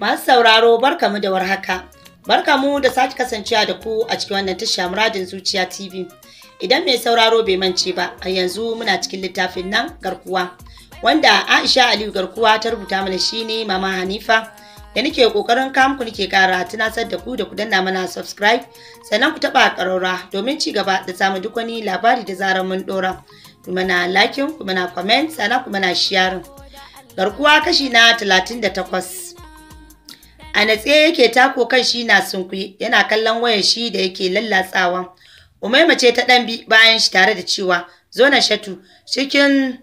Masu sauraro barka mu da warhaka. Barka mu da sake kasancewa da ku a cikin wannan tasha muradin zuciya TV. Idan mai sauraro bai mance ba, a yanzu muna cikin littafin nan garkuwa. Wanda Aisha Aliyu garkuwa ta rubuta mana shine Mama Hanifa. Da nike kokarin kam ku nake kara tunasar da ku da ku danna mana subscribe sannan ku taba karora domin ci gaba da samun duk wani labari da zarar mun dora. Ku mana like ku mana comment, sannan ku mana sharing. Garkuwa kashi na 38. a natse yake tako kan shi na sunkuye, yana kallon wayar shi da yake lallatsawa umaima ce ta ɗan bi bayan shi tare da cewa zo na shatu cikin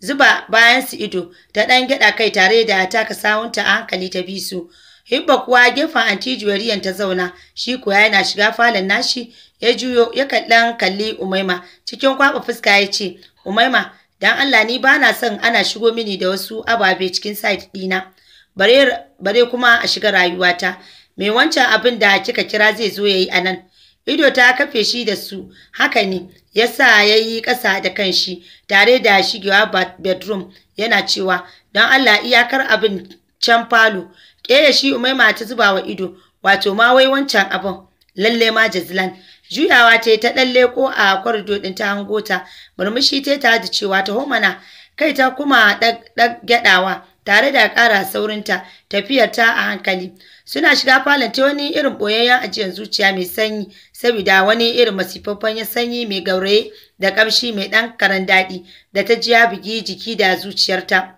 zuba bayan su ido ta ɗan gyaɗa kai tare da taka sawunta a hankali ta bi su hibba kuwa gefen anti juwariyan ta zauna shi kuwa yana shiga falon nashi ya juyo ya kaɗan kalli umaima cikin kwaɓa fuska ya ce umaima dan allah ni ba na son ana shigo mini da wasu ababe cikin site ɗina bare kuma a shiga rayuwata mai wancan abin da kika kira zai zo ya yi anan ido ta kafe shi da su haka ne Ya sa ya yi ƙasa da kanshi tare da shigewa bedroom yana cewa don allah iyakar abin can falo ƙeya shi umai ta zuba wa ido wato ma wai wancan abin lalle ma jazilan juyawa ta yi ta ɗalle ko a kwarido ɗin ta hangota murmushi ta ta da cewa ta homana kai ta kuma ɗagyaɗawa tare da ƙara saurinta tafiyar ta a hankali suna shiga falon ta wani irin boyayyen ajiyar zuciya mai sanyi saboda wani irin masifaffen sanyi mai gauraye da kamshi mai ɗan karan daɗi da ta jiya bugi jiki da zuciyarta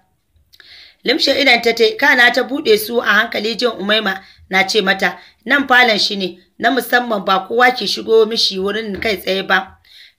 limshe idan ta tai kana ta buɗe su a hankali jin umaima na ce mata nan falon shi ne na musamman ba kowa ke shigo mishi wurin kai tsaye ba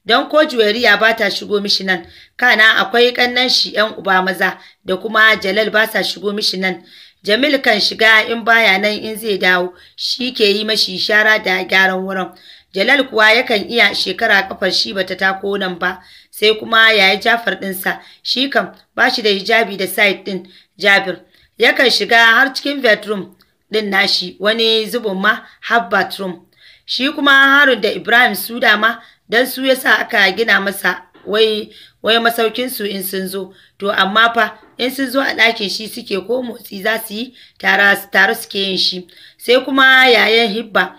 don ko juweriya ba ta shigo mishi nan kana akwai kannan shi yan uba maza da kuma jalal ba sa shigo mishi nan jamil kan shiga in baya nan in zai dawo shi ke yi mashi shara da gyaran wurin jalal kuwa yakan iya shekara kafar shi bata tako nan ba sai kuma yayi jafar ɗinsa shi kam ba shi da hijabi da side ɗin jabir yakan shiga har cikin bedroom ɗin nashi wani zubin ma har bathroom shi kuma harun da ibrahim su dama don su yasa aka gina masa wai wai masaukin su in sun zo to amma fa in sun zo a ɗakin shi suke ko motsi za su yi tare suke yin shi sai kuma yayan Hibab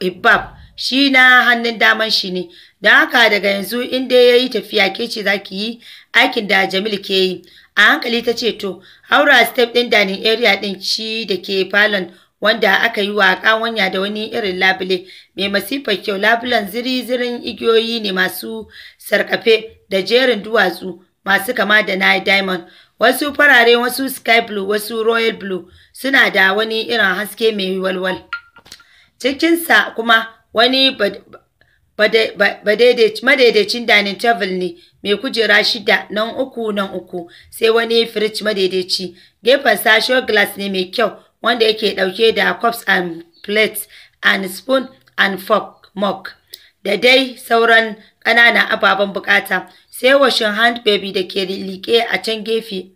hibbab shi na hannun daman shi ne don haka daga yanzu in dai ya yi tafiya ke ce za ki yi aikin da jamil ke yi a hankali ta ce to haura step ɗin dining area ɗin shi da ke falon wanda aka yi wa ƙawanya da wani irin labule mai masifar kyau labulen ziri-zirin igiyoyi ne masu sarkafe da jerin duwatsu masu kama da na diamond wasu farare wasu sky blue wasu royal blue suna da wani irin haske mai walwal cikinsa kuma wani madaidaicin dining table ne mai kujera shida nan uku nan uku sai wani firij madaidaici Gefen sashen glass ne mai kyau wanda yake dauke da cups and plates and spoon and fork mug da dai sauran ƙananan ababen bukata sai washin hand baby da ke liƙe a can gefe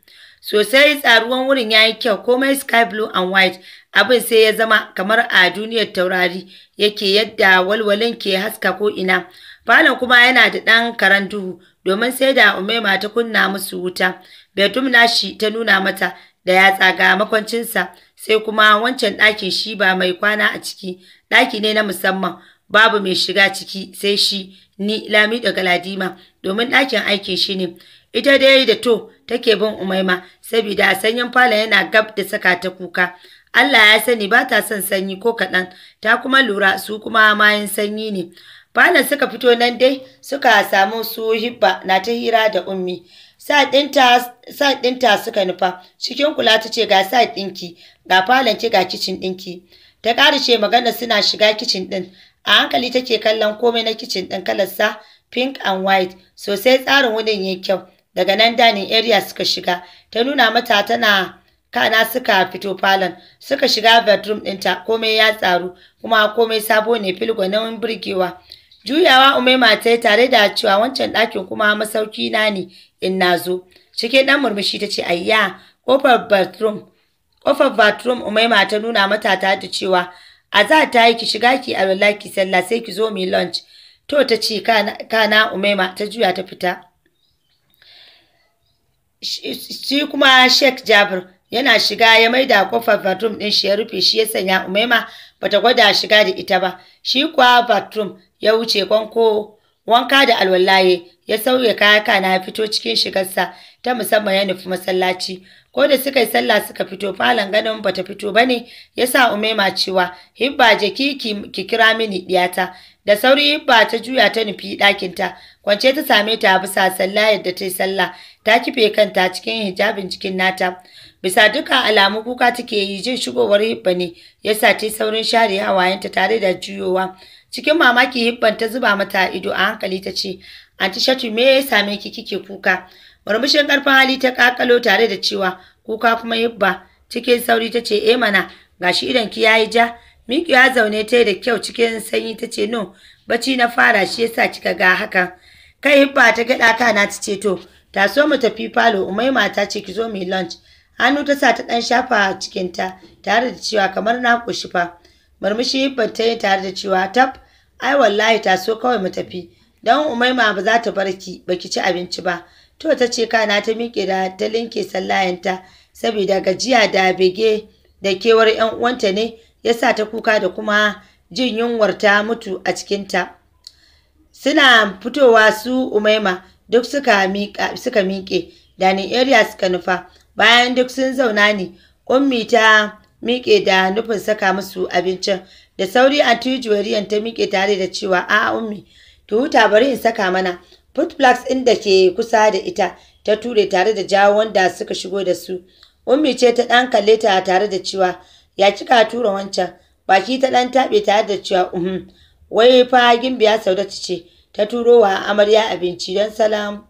sosai tsaruwan wurin ya yi kyau komai sky blue and white abin sai ya zama kamar a duniyar taurari yake yadda walwalin ke haska ko ina falon kuma yana da ɗan karen duhu domin sai da umai ta kunna musu wuta bedroom nashi ta nuna mata da ya tsaga makwancinsa sai kuma wancan ɗakin shi ba mai kwana a ciki ɗaki ne na musamman babu mai shiga ciki sai shi ni lami da galadima domin ɗakin aikin shi ne ita dai da to take bin umaima saboda sanyin fala yana gab da saka ta kuka Allah ya sani ba ta son sanyi ko kaɗan ta kuma lura su kuma mayan sanyi ne Falon suka fito nan dai suka samu su hibba na ta hira da ummi Side ɗinta suka nufa, cikin kula ta ce ga side ɗinki, ga ki ga kicin ɗinki. Ta ƙarishe magana suna shiga kicin ɗin, a hankali take kallon komai na kicin ɗin sa pink and white, sosai tsarin wurin yayi kyau. Daga nan dining area suka shiga, ta nuna mata tana kana suka fito falon suka shiga bedroom ɗinta komai ya tsaru kuma komai sabo ne filgwanin burgewa. Juyawa Umaima ta yi tare da cewa wancan ɗakin kuma masauki na ne in na zo. Cikin ɗan murmushi ta ce ayya kofar bathroom. Kofar bathroom Umaima ta nuna mata ta da cewa a za ta yi ki shiga ki a ki sallah sai ki zo mu lunch. To ta ce kana Umaima ta juya ta fita. Shi kuma Sheikh Jabir yana shiga ya maida kofar bathroom ɗin shi ya rufe shi ya sanya Umaima bata gwada shiga da ita ba. Shi kuwa bathroom ya wuce kwanko wanka da alwallaye ya sauya kaya kana ya fito cikin shigarsa ta musamman ya nufi masallaci ko da suka yi sallah suka fito falon ganin bata fito bane ya sa umema cewa hibba je ki kira mini diyata da sauri hibba ta juya ta nufi ɗakinta kwance ta same ta bisa sallah yadda ta yi sallah ta kife kanta cikin hijabin cikin nata bisa duka alamu kuka take yi jin shigowar hibba ne ya sa ta saurin share hawayenta tare da juyowa Cikin mamaki hibban ta zuba mata ido a hankali ta ce, Anti Shatu me ya same ki kike kuka? Murmushin karfin hali ta kakalo tare da cewa kuka kuma hibba cikin sauri ta ce eh mana gashi idan ki yayi ja Miki ya zaune ta da kyau cikin sanyi ta ce no bacci na fara shi yasa kika ga haka Kai hibba ta gada kana ta ce to ta so mu tafi falo umai mata ce ki zo mu lunch. Hannu ta sa ta dan shafa cikinta tare da cewa kamar na koshi fa. murmushi Hibbat ta yi tare da cewa tab ai wallahi ta so kawai mu tafi don umaima ba za ta barki baki ci abinci ba to ta ce kana ta miƙe da ta linke sallayanta saboda gajiya da bege da kewar yan uwanta ne yasa ta kuka da kuma jin yunwar ta mutu a cikinta suna fitowa su umaima duk suka miƙa suka miƙe dining area suka nufa bayan duk sun zauna ne ummi ta miƙe da nufin saka musu abincin da sauri anti juwariyan ta miƙe tare da cewa a ummi ki huta bari in saka mana put plugs ɗin da ke kusa da ita ta ture tare da jawo wanda suka shigo da su ummi ce ta ɗan kalle ta tare da cewa ya kika tura wancan baki ta ɗan taɓe tare da cewa uhum wai fa gimbiya saudatu ce ta turo wa amarya abinci don salam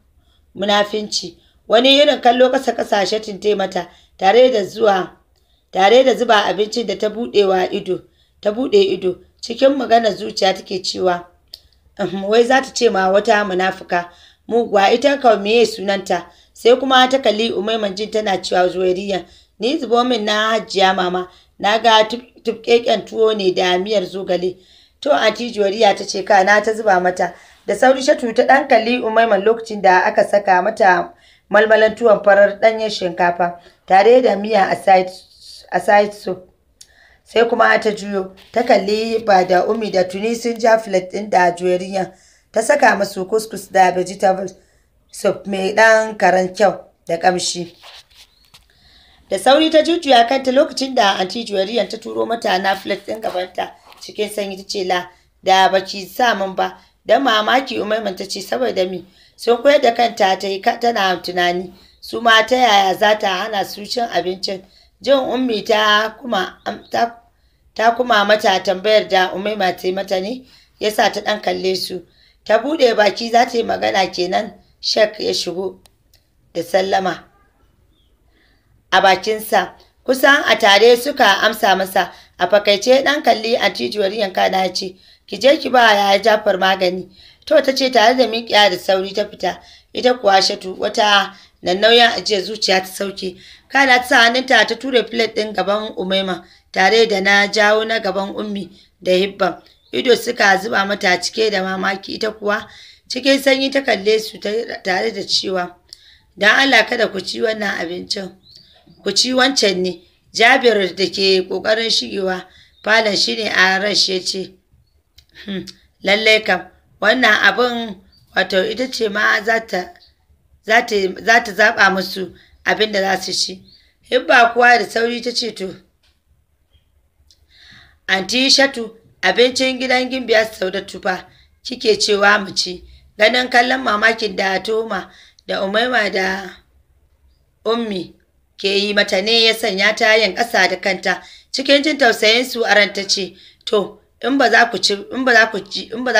munafinci wani irin kallo kasa kasashe tinte mata tare da zuwa tare da zuba abincin da ta wa ido ta buɗe ido cikin magana zuciya take cewa uhm, wai za ta ce ma wata munafuka muguwa ita ka meye sunanta sai kuma ta kalli umaiman jin tana cewa zuwariya ni zubo min na hajjiya mama na ga tufkeken tuwo ne da miyar zogale to anti juwariya ta ce kana ta zuba mata da sauri shatu ta dan kalli umaiman lokacin da aka saka mata malmalan tuwon farar danyen shinkafa tare da miya a side a side so sai kuma ta juyo ta kalli ba da umi da tuni sun ja flat ɗin da juyariya. ta saka masu kuskus da vegetable soup mai ɗan karan kyau da kamshi da sauri ta jujjuya kanta lokacin da anti juyariya ta turo mata na filet ɗin gabanta cikin sanyi ta ce la da baki sa min ba dan mamaki umaiman ta ce saboda mi sun koyar da kanta ta yi tana tunani su ma ta yaya za ta hana su cin abincin jin ummi ta kuma ta kuma mata tambayar da umaima ta yi mata ne ya sa ta ɗan kalle su ta buɗe baki za ta yi magana kenan shek ya shigo da sallama a bakinsa kusan a tare suka amsa masa a fakaice ɗan kalli a tijiyar yanka na ce ki je ki ba ya jafar magani to ta ce tare da miƙiya da sauri ta fita ita kuwa shatu wata nan nauyin ajiya zuciya ta sauke kana ta sa hannunta ta ture filet ɗin gaban umaima tare da na jawo na gaban ummi da hibban ido suka zuba mata cike da mamaki ita kuwa cikin sanyi ta kalle su tare da cewa don allah kada ku ci wannan abincin ku ci wancan ne jabir da ke ƙoƙarin shigewa falon shine ne a rashe ce hmm, lallai kam wannan abin wato ita ce ma za ta zaɓa musu abin da za su ci ba kuwa da sauri ta ce to anti shatu abincin gidan gimbiya su saudatu tufa, kike cewa mu ci ganin kallon mamakin da toma da umaima da ummi ke yi mata ne ya sanya ta yin ƙasa da kanta cikin jin tausayin su a ranta ce to in ba za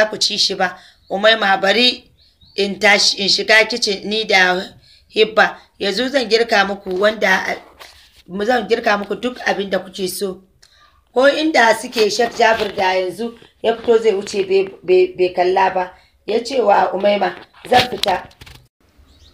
ku ci shi ba umaima bari in in shiga kicin ni da hibba yanzu zan girka muku wanda zan girka muku duk abin da kuke so ko inda suke shek jabir da yanzu ya fito zai wuce bai kalla ba ya ce wa umaima zan fita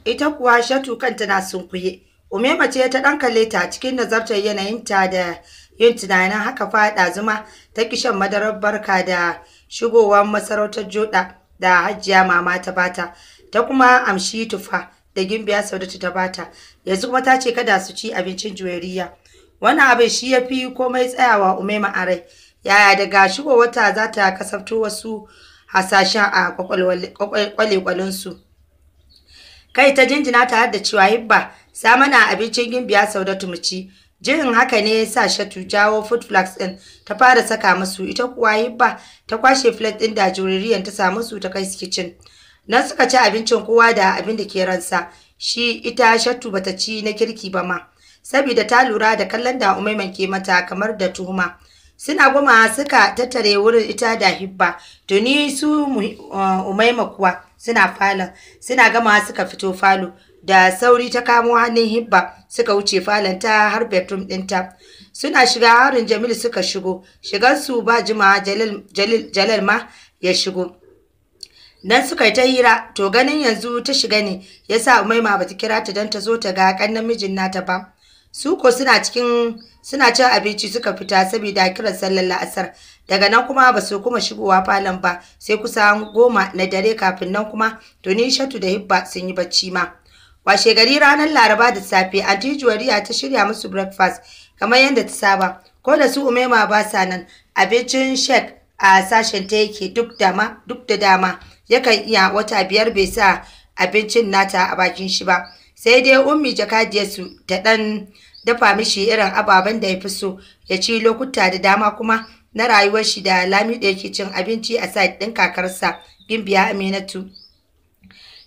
ita kuwa shatu kanta na sunkuye umaima ce ta dan kalle ta cikin nazartar yanayinta da yin tunanin haka faɗa zuma ta kishan madarar barka da shigowar masarautar joda da hajiya mama ta bata ta kuma amshi tufa da gimbiya saudatu ta bata yanzu kuma ta ce kada su ci abincin juyariya. Wani abin shi ya fi komai tsayawa umaima a rai yaya daga shigo wata za ta kasafto wasu hasashen a kwakwalwalinsu kai ta jinjina tare da cewa hibba samana abincin gimbiya saudatu mu ci Jin haka ne ya sa Shatu jawo food flags ɗin ta fara saka musu ita kuwa Hibba ta kwashe flat ɗin da juririyan ta samu su ta kai kitchen. nan suka ci abincin kowa da abin da ke ransa shi ita shattu bata ci na kirki ba ma saboda ta lura da kallon da umaiman ke mata kamar da tuhuma suna goma suka tattare wurin ita da hibba tuni su uh, umaima kuwa suna falon suna gama suka fito falo da sauri ta kamo hannun hibba suka wuce falon ta har bedroom ɗinta suna shiga harin jamil suka shigo shigar su ba jimawa jalal ma ya shigo nan suka yi ta hira to ganin yanzu ta shiga ne yasa sa umaima bata kira ta dan ta zo ta ga kan namijin nata ba su ko suna cikin suna cin abinci suka fita saboda kiran sallar la'asar daga nan kuma ba su kuma shigowa falon ba sai kusa goma na dare kafin nan kuma to ni shatu da hibba sun yi bacci ma washe gari ranar laraba da safe anti juwariya ta shirya musu breakfast kamar yadda ta saba ko da su umaima ba sa nan abincin shek a sashen ta yake duk duk da dama yakan iya wata biyar bai sa abincin nata a bakin shi ba sai dai ummi jakadiyarsu ta ɗan dafa mishi irin ababen da ya fi so ya ci lokuta da dama kuma na rayuwar shi da lami da yake cin abinci a site ɗin kakarsa gimbiya aminatu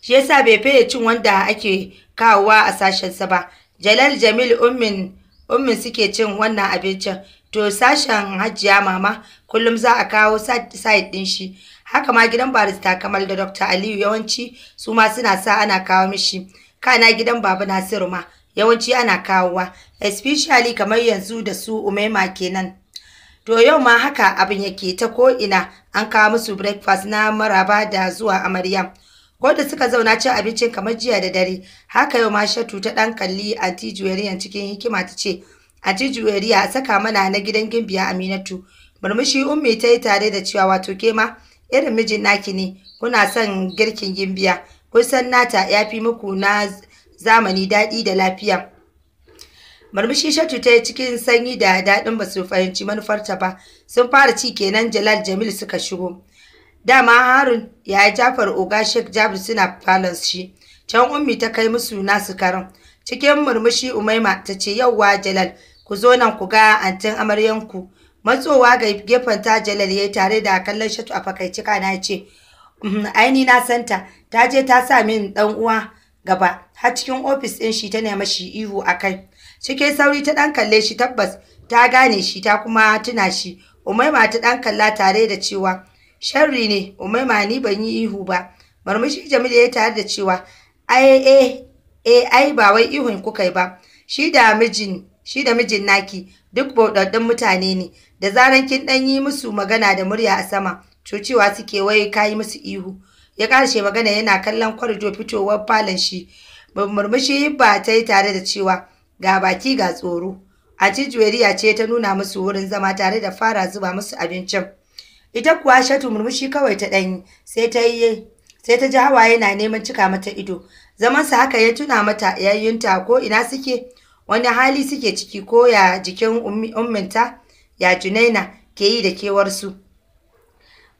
shi yasa bai fiye cin wanda ake kawowa a sashensa ba jalal jamil ummin ummin suke cin wannan abincin to sashen hajiya mama kullum za a kawo side ɗin shi haka ma gidan barista kamar da dr aliyu yawanci su ma suna sa ana kawo mishi kana gidan babu nasiru ma yawanci ana kawowa especially kamar yanzu da su umaima kenan to yau ma haka abin yake ta ko ina an kawo musu breakfast na maraba da zuwa amarya ko da suka zauna cin abincin kamar jiya da dare haka yau ma shatu ta dan kalli anti juweriyan cikin hikima ta ce anti juweriya saka mana na gidan gimbiya aminatu murmushi ummi ta yi tare da cewa wato ke ma irin mijin naki ne kuna son girkin gimbiya kun san nata ya fi muku na zamani daɗi da lafiya murmushi shatu ta yi cikin sanyi da daɗin ba su fahimci manufarta ba sun fara ci kenan jalal jamil suka shigo dama harun ya jafar oga shek jabir suna falon shi can ummi ta kai musu nasu karin cikin murmushi umaima ta ce yauwa jalal ku zo nan ku ga antin amaryanku matsowa ga gefen ta jalal ya tare da kallon shatu a fakaici kana yace, ce uhm, aini na santa ta je ta sa min dan uwa gaba har cikin ofis din shi ta nema shi ihu a kai cike sauri ta dan kalle shi tabbas ta gane shi ta kuma tuna shi umaima ta dan kalla tare da cewa sharri ne umaima ni ban yi ihu ba shi jamilu ya tare da cewa ai eh, eh, ai ba wai ihun kuka ba shi da mijin shi da mijin naki duk bauɗaɗɗun mutane ne da zaran kin ɗan yi musu magana da murya a sama cewa suke waye kayi musu ihu ya ƙarshe magana yana kallon kwarjo fitowar falon shi murmushi ba ta yi tare da cewa ga baki ga tsoro anti juweriya ce ta nuna musu wurin zama tare da fara zuba musu abincin ita kuwa shatu murmushi kawai ta ɗanyi sai ta yi sai ta ji hawaye na neman cika mata ido zamansa haka ya tuna mata yayyunta ko ina suke wani hali suke ciki ko ya jikin umminta ya junaina ke yi da kewarsu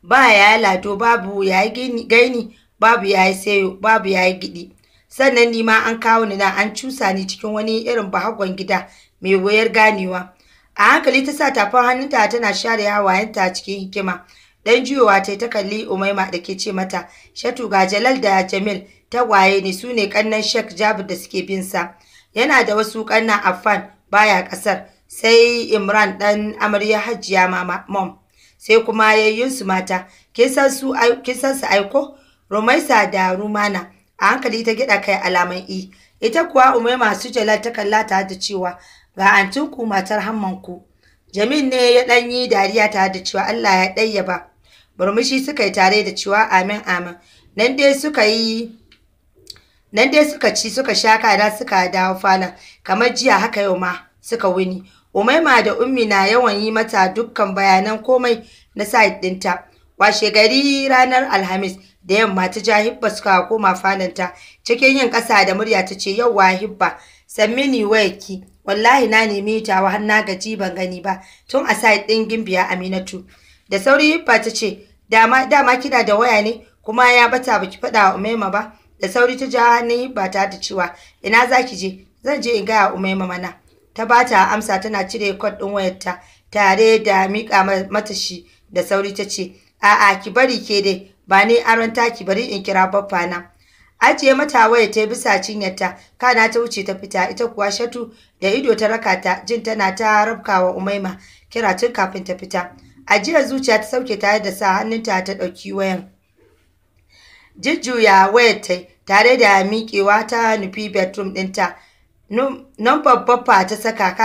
ba yaya lado babu ya gaini babu ya yi sayo babu ya yi gidi sannan nima an kawo ni na an cusa ni cikin wani irin bahagon gida mai wayar ganewa a hankali ta sa tafin hannunta tana share hawayenta cikin hikima dan juyowa ta ta kalli umaima da ke ce mata shatu ga jalal da jamil tagwaye ne su ne kannan shek jabir da suke bin sa yana da wasu a Affan baya ƙasar sai Imran ɗan amarya Hajiya mama mom sai kuma yayyunsu mata kin san su aiko Rumaisa da Rumana a hankali ta gida kai alaman i e. ita kuwa umai masu jala ta kalla ta da cewa ga antinku matar hammanku Jamil ne ya ɗan yi dariya ta da cewa Allah ya ɗayyaba murmushi suka yi tare da cewa amin amin nan dai suka yi nan dai suka ci suka sha kada suka dawo falon kamar jiya haka yau ma suka wuni umaima da ummi na yawan yi mata dukkan bayanan komai na said ɗinta washe gari ranar alhamis da yamma ta ja hibba suka koma ta cikin yin ƙasa da murya ta ce yauwa hibba ni ki? wallahi na nemi ta har na gaji ban gani ba tun a said ɗin gimbiya aminatu da sauri hibba ta ce dama dama kina da waya ne kuma ya bata baki faɗa wa umaima ba da sauri ta ja hannun ba ta da cewa ina za ki je zan je in gaya umaima mana ta ba ta amsa tana cire kwad ɗin wayarta tare da miƙa mata shi da sauri ta ce a'a ki bari ke dai ba ni aron taki bari in kira baffa na ajiye mata waya ta bisa cinyarta kana ta wuce ta fita ita kuwa shatu da ido ta raka ta jin tana ta rabkawa umaima kira tun kafin ta fita ajiyar zuciya ta sauke tare da sa hannunta ta ɗauki wayan Jujjuya ya tare da miƙewa ta nufi bedroom ɗinta. Numfar Baffa ta saka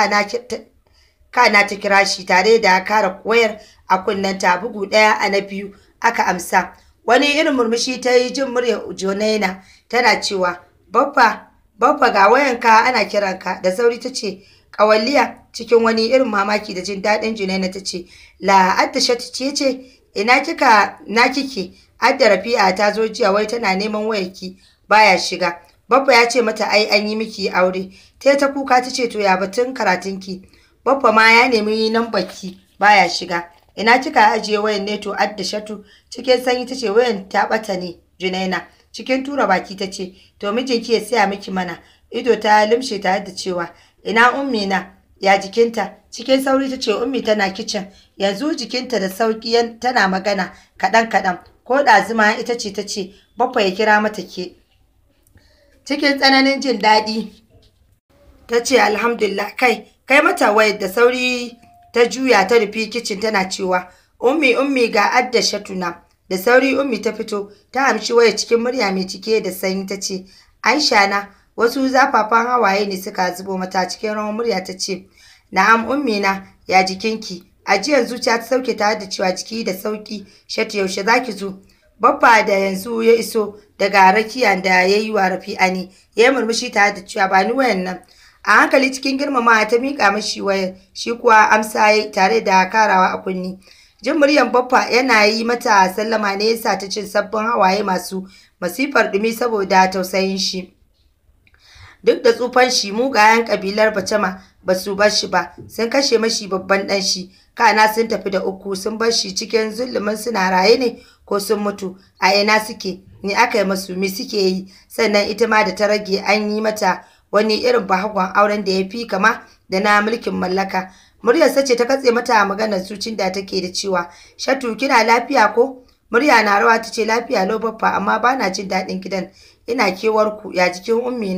kana ta kira shi tare da kara wayar a kunnenta bugu ɗaya a na biyu aka amsa. Wani irin murmushi ta yi jin murya Jonaina tana cewa, Baffa, Baffa ga wayanka ana kiranka da sauri ta ce, Ƙawalliya cikin wani irin mamaki da jin daɗin Junaina ta ce, La'adda shatice ce, ina kika na kike Adda Rafi'a ta zo jiya wai tana neman wayarki baya shiga. Babba ya ce mata ai an yi miki aure. Ta ta kuka ta ce to ya batun karatunki. Babba ma ya nemi baki baya shiga. Ina kika ajiye wayan ne to Adda Shatu cikin sanyi ta ce wayan ta bata ne Junaina. Cikin tura baki ta ce to mijinki ya saya miki mana. Ido ta limshe ta da cewa ina ummi ya jikinta cikin sauri ta ce ummi tana kicin yanzu jikinta da sauki tana magana kaɗan kaɗan ko ɗazuma ita ce ta ce baffa ya kira mata ke cikin tsananin jin daɗi ta ce alhamdulillah kai kai mata wayar da sauri ta juya ta rufe kicin tana cewa ummi ummi ga adda shatuna da sauri ummi ta fito ta amshi waya cikin murya mai cike da sanyi ta ce aisha na wasu zafafan hawaye ne suka zubo mata cikin rawar murya ta ce na'am ummina ya jikinki ajiyar zuciya ta sauke tare da cewa jiki da sauki shatu yaushe za ki zo babba da yanzu ya iso daga rakiya da ya yi wa rafi'ani ya yi murmushi tare da cewa ba ni wayan nan a hankali cikin girmama ta miƙa mashi wayar shi kuwa amsa ya tare da karawa a kunni jin muryan baffa yana yi mata sallama ne yasa ta cin sabbin hawaye masu masifar ɗumi saboda tausayin shi duk da tsufan shi mugayen kabilar bacema ba su bar shi ba sun kashe mashi babban dan shi kana sun tafi da uku sun bar shi cikin zulumin suna raye ne ko sun mutu a ina suke ni aka yi masu me suke yi sannan ita ma da ta rage an yi mata wani irin bahagon auren da ya fi kama da na mulkin mallaka muryar sace ta katse mata maganar sucin da take da cewa shatu kina lafiya ko murya na rawa tace lafiya lau baffa amma bana jin daɗin gidan ina kewar ku ya jikin ummi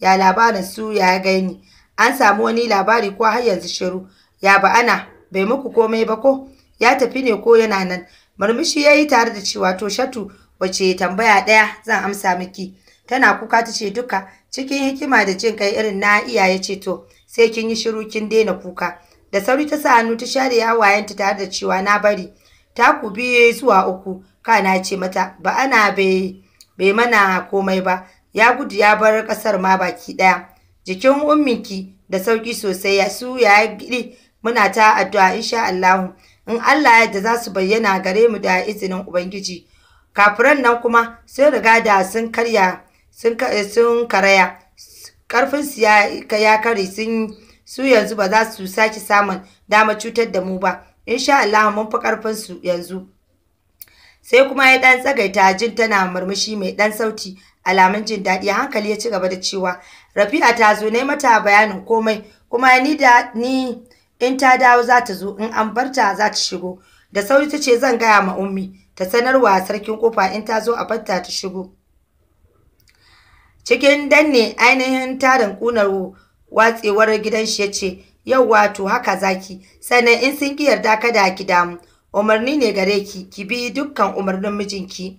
Ya labarin su ya gani? An samu wani labari ko har yanzu shiru? Ya ba'ana bai muku komai ba ko? Ya tafi ne ko yana nan? Murmushi ya yi tare da cewa to shatu wace tambaya ɗaya zan amsa miki. Tana kuka ta ce duka cikin hikima da jin kai irin na iyaye ce to sai kin yi shiru kin daina kuka. Da sauri ta sa hannu ta share hawayenta tare da cewa na bari. Taku biyu zuwa uku kana ce mata ba ana bai bai mana komai ba ya gudu ya bar ƙasar ma baki ɗaya jikin umminki da sauki sosai ya su ya gidi muna ta addu'a insha Allah in Allah ya yarda za su bayyana gare mu da izinin ubangiji kafiran nan kuma sun riga da sun karya sun sun karaya karfin su ya kare sun su yanzu ba za su saki samun dama cutar da mu ba insha Allah mun fi karfin su yanzu sai kuma ya ɗan tsagaita jin tana murmushi mai ɗan sauti alamun jin daɗi hankali ya ci gaba da cewa rafi'a ta zo ne mata bayanin komai kuma ni da ni in ta dawo za ta zo in an barta za ta shigo da sauri ta ce zan gaya ma ummi ta sanarwa sarkin kofa in ta zo a barta ta shigo cikin danne ainihin tarin kunar watsewar gidan shi ya ce yau wato haka zaki sannan in sun ki yarda kada ki damu umarni ne gare ki ki bi dukkan umarnin mijinki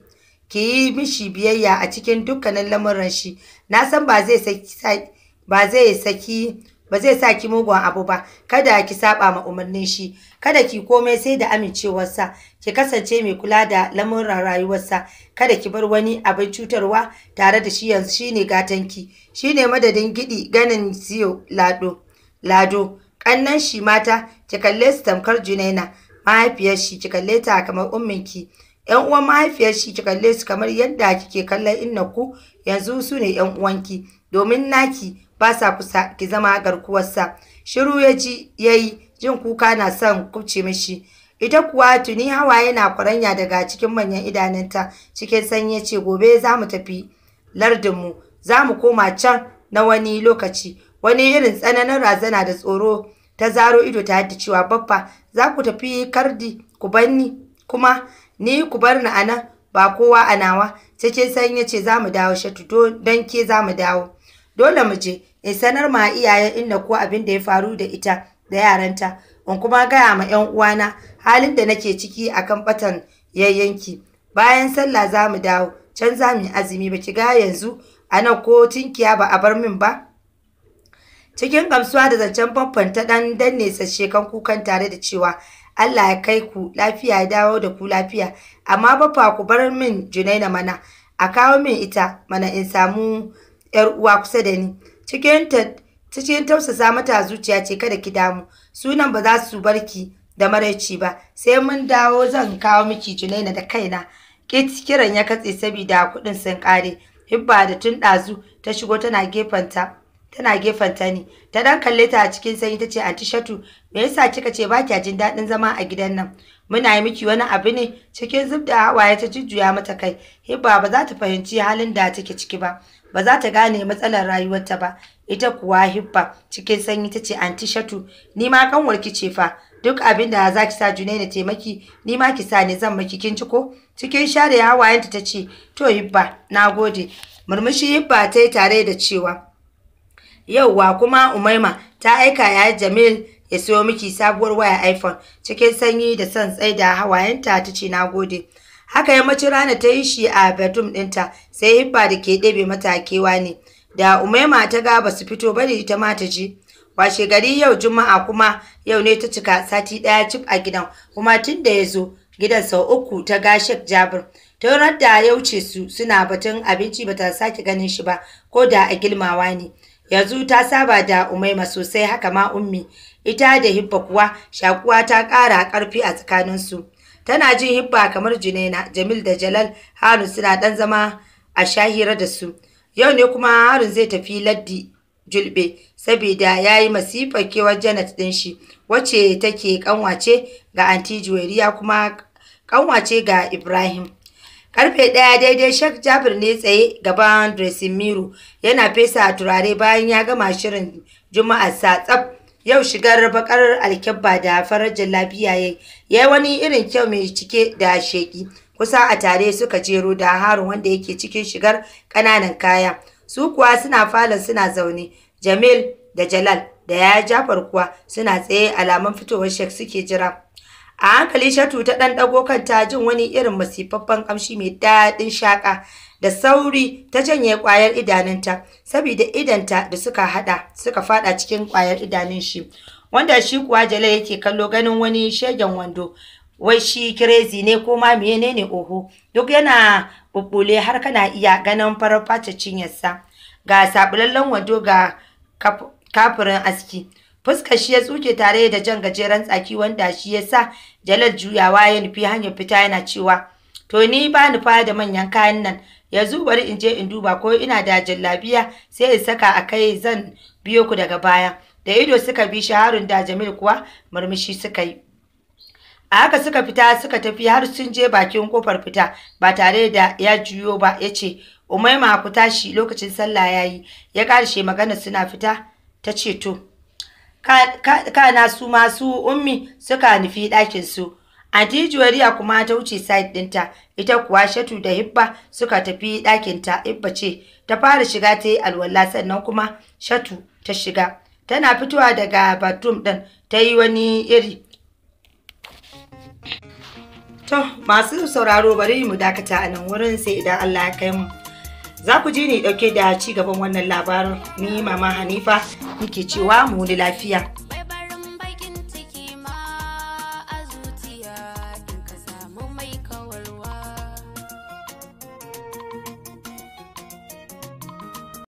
ki yi mishi biyayya a cikin dukkanin lamuran shi na san ba zai saki ba zai saki ba zai sa ki mugun abu ba kada ki saba ma umarnin shi kada ki komai sai da amincewarsa ki kasance mai kula da lamuran rayuwarsa kada ki bar wani abin cutarwa tare da shi yanzu shine gatanki shine madadin gidi ganin siyo lado lado kannan shi mata ki kalle su tamkar junaina mahaifiyar shi ki kalle ta kamar umminki ƴan uwan mahaifiyar shi ki kalle su kamar yadda kike kallon inna ku yanzu su ne yan uwanki domin naki ba sa kusa ki zama sa shiru ya ji yayi jin kuka na son kubce mishi ita kuwa tuni hawa yana kwaranya daga cikin manyan idanunta cikin sanyi ya ce gobe za mu tafi lardinmu za mu koma can na wani lokaci wani irin tsananin razana da tsoro ta zaro ido ta da cewa "Baffa", za ku tafi kardi ku banni kuma ni ku bar ni anan ba kowa a nawa cikin san ya ce za mu dawo shatu don ke za mu dawo dole mu je in sanar ma iyayen inda ko abin da ya faru da ita da yaranta in kuma gaya ma yan uwana halin da nake ciki akan batan yayyanki bayan sallah za mu dawo can za mu yi azumi ba ki ga yanzu a nan ko tinkiya ba a bar min ba cikin gamsuwa da zancen famfon ta dan danne sashekan kukan tare da cewa Allah ya kai ku lafiya ya dawo da ku lafiya amma bafa ku bar min Junaina mana a kawo min ita mana in samu yar uwa kusa da ni cikin ta cikin tausasa mata zuciya ce kada ki damu sunan ba za su barki da maraici ba sai mun dawo zan kawo miki Junaina da kaina kit kiran ya katse saboda kuɗin sun ƙare hibba da tun ɗazu ta shigo tana gefenta tana gefen ta ne ta dan kalle ta a cikin sanyi tace anti shatu me yasa kika ce ba kya jin daɗin zama a gidan nan muna yi miki wani abu ne cikin zubda da hawaye ta jujjuya mata kai hibba ba za ta fahimci halin da take ciki ba ba za ta gane matsalar rayuwarta ba ita kuwa hibba cikin sanyi tace anti shatu ni ma ki ce fa duk abin da za ki sa Junaina taimaki, taimaki ni ma ki sa ni zan maki kin ci ko cikin share hawayenta tace to hibba na gode. murmushi hibba ta yi tare da cewa Yauwa kuma Umaima ta aika ya Jamil ya siyo miki sabuwar waya iPhone cikin sanyi da son tsaida hawayenta ta ce na gode. Haka yammacin rana ta yi shi a bedroom ɗinta sai hibba da ke ɗebe mata kewa ne. Da Umaima ta ga ba su fito bane ita ma ta ji. Washe gari yau Juma'a kuma yau ne ta cika sati ɗaya cif a gidan kuma tun da ya zo gidan sau uku ta ga shek Jabir. yi da ya wuce su suna batun abinci bata sake ganin shi ba ko da a gilmawa ne. Yanzu ta saba da Umaima sosai haka ma Ummi, ita da Hibba kuwa shakuwa ta ƙara ƙarfi a tsakaninsu. Tana jin Hibba kamar Junaina, Jamil da Jalal Harun suna ɗan zama a shahira da su. Yau ne kuma Harun zai tafi laddi julbe saboda ya yi masifar kewar Janet ɗin shi wacce take kanwace ga anti Juwariya kuma kanwace ga Ibrahim. Karfe ɗaya daidai shek Jabir ne tsaye gaban dressing miro yana fesa turare bayan ya gama shirin Juma'a sa tsaf yau shigar bakar alkibba da farajin lafiya yayi yayi wani irin kyau mai cike da sheki kusa a tare suka jero da harun wanda yake cikin shigar ƙananan kaya su kuwa suna falon suna zaune jamil da jalal da ya jafar kuwa suna tsaye alaman fitowar shek suke jira A hankali Shatu ta ɗan ɗago ta jin wani irin masifaffen ƙamshi mai daɗin shaƙa da sauri ta janye ƙwayar idanunta saboda idanta da suka haɗa suka faɗa cikin ƙwayar idanun shi wanda shi kuwa Jala yake kallo ganin wani shegen wando wai shi kirezi ne ko ma menene oho duk yana bubbule har kana iya ganin farar face cinyarsa ga sabulallen wando ga kafurin aski fuskar shi ya tsuke tare da jan gajeren tsaki wanda shi ya sa jalal juyawa ya nufi hanyar fita yana cewa to ni ba ni fa da manyan kayan nan yanzu bari in je in duba ko ina da jallabiya sai in saka a kai zan biyo ku daga baya da ido suka bi shaharun da jamil kuwa murmushi suka yi a haka suka fita suka tafi har sun je bakin kofar fita ba tare da ya juyo ba yace, ce umaima ku tashi lokacin sallah yayi, ya ƙarshe magana suna fita ta ce to kana su masu ummi suka nufi ɗakin su anti kuma ta wuce side ɗinta ita kuwa shatu da hibba suka tafi ɗakinta hibba ce ta fara shiga ta yi alwala sannan kuma shatu ta shiga tana fitowa daga bathroom ɗin ta yi wani iri to masu sauraro bari mu dakata a nan wurin sai idan allah ya kai mu za ku ji ne dauke da ci gaban wannan labarin ni mama hanifa nike cewa mu lafiya